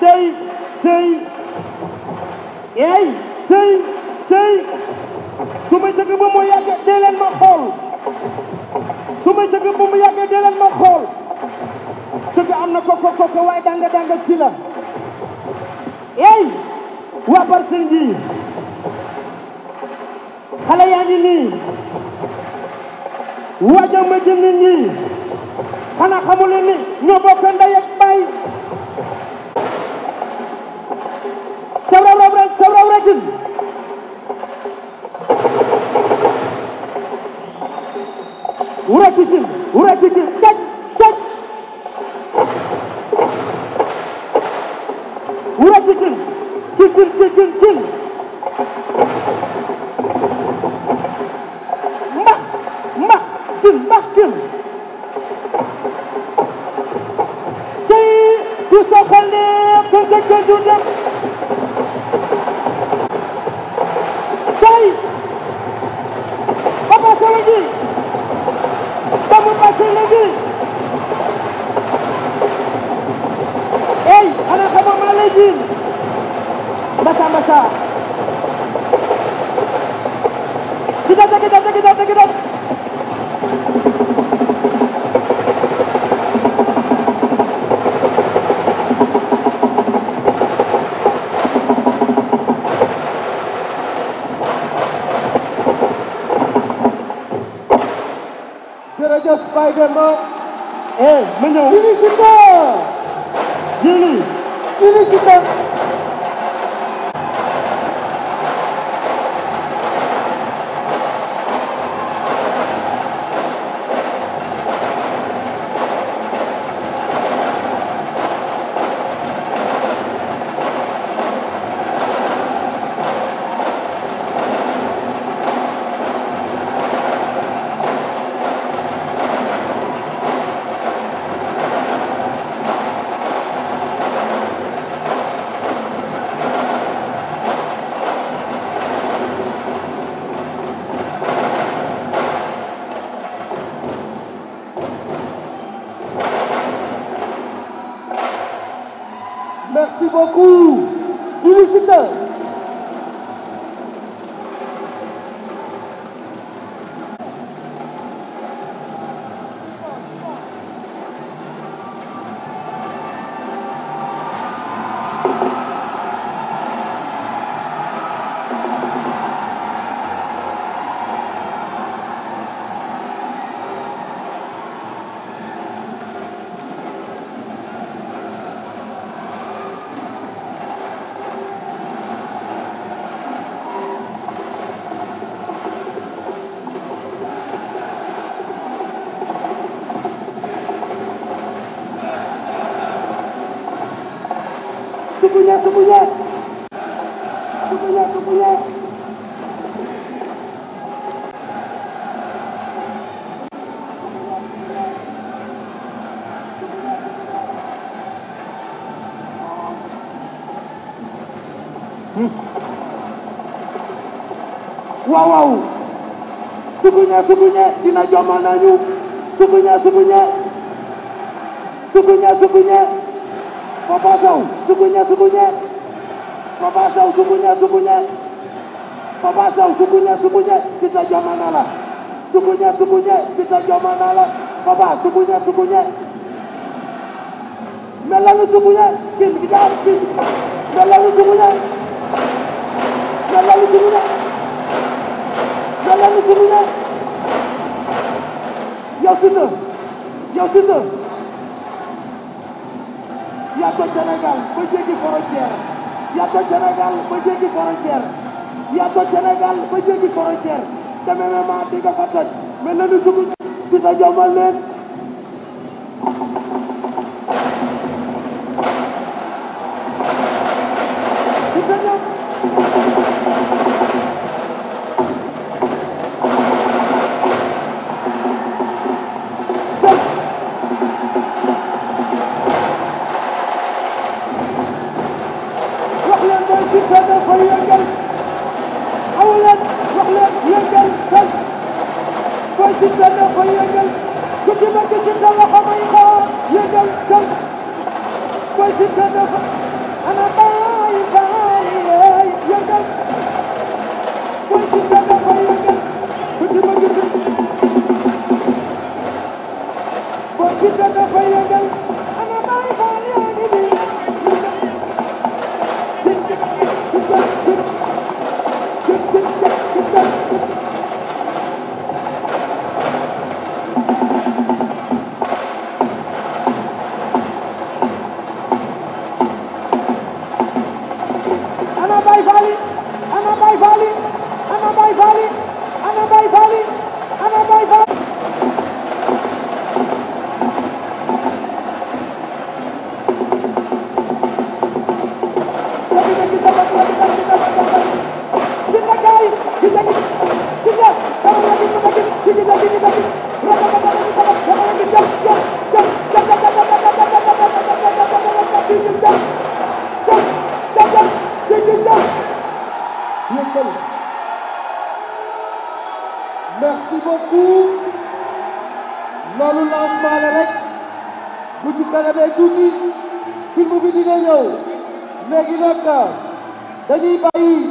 cey cey yeey cey cey su ma jëgg ba mu yàggee dee leen ma xool su ma jëgg ba mu yàggee dee leen ma xool jëgg am na koko koko waaye danga danga ci la yeey waa Parcelles ji xale yaa ngi nii waajam ma jënd nii xanaa xamu leen ni ñoo bokk ndey ak baay imagine Wura kikin, wura kikin, cac, cac. Wura kikin, kikin, kikin, kikin. Mbah, mbah, kin, mbah, kin. Cai, ku sokhane, ku kekendudak, passer le but. Hey, anak kamu malajin. Masa masa. Kita tak kita kita kita jërëjëf Baye Demba. eh ma ñëw. félicité. jërëjëf. félicité. Goku! sukunya sukunya sukunya sukunya Yes. Wow, wow. Sukunya, sukunya, Cina Jomal Nanyu. sukunya. Sukunya, sukunya. sukunya. Papasau, sukunya sukunya. Papasau, sukunya sukunya. Papasau, sukunya sukunya. Kita zaman nala. Sukunya sukunya. Kita zaman nala. Papa, sukunya sukunya. Melalui sukunya, kita kita habis. Melalui sukunya. Melalui sukunya. Melalui sukunya. Yang situ, yang situ. Sénégal ba jéggi frontière yàq ko Sénégal ba jéggi frontière yàq ko Sénégal ba jéggi di nga fa toj mais lanu sugu si ta jomal si ta Siteu dafa yëngal aw leen wax leen yëngal tel Boy Siteu dafa yëngal ku ci nekk Siteu loxo vai Vale, vai Vale, vai Vale, vai Vale, vai Vale. Yeah. bu ci kanamee tuuti film bi dina ñëw léegi nag dañuy bàyyi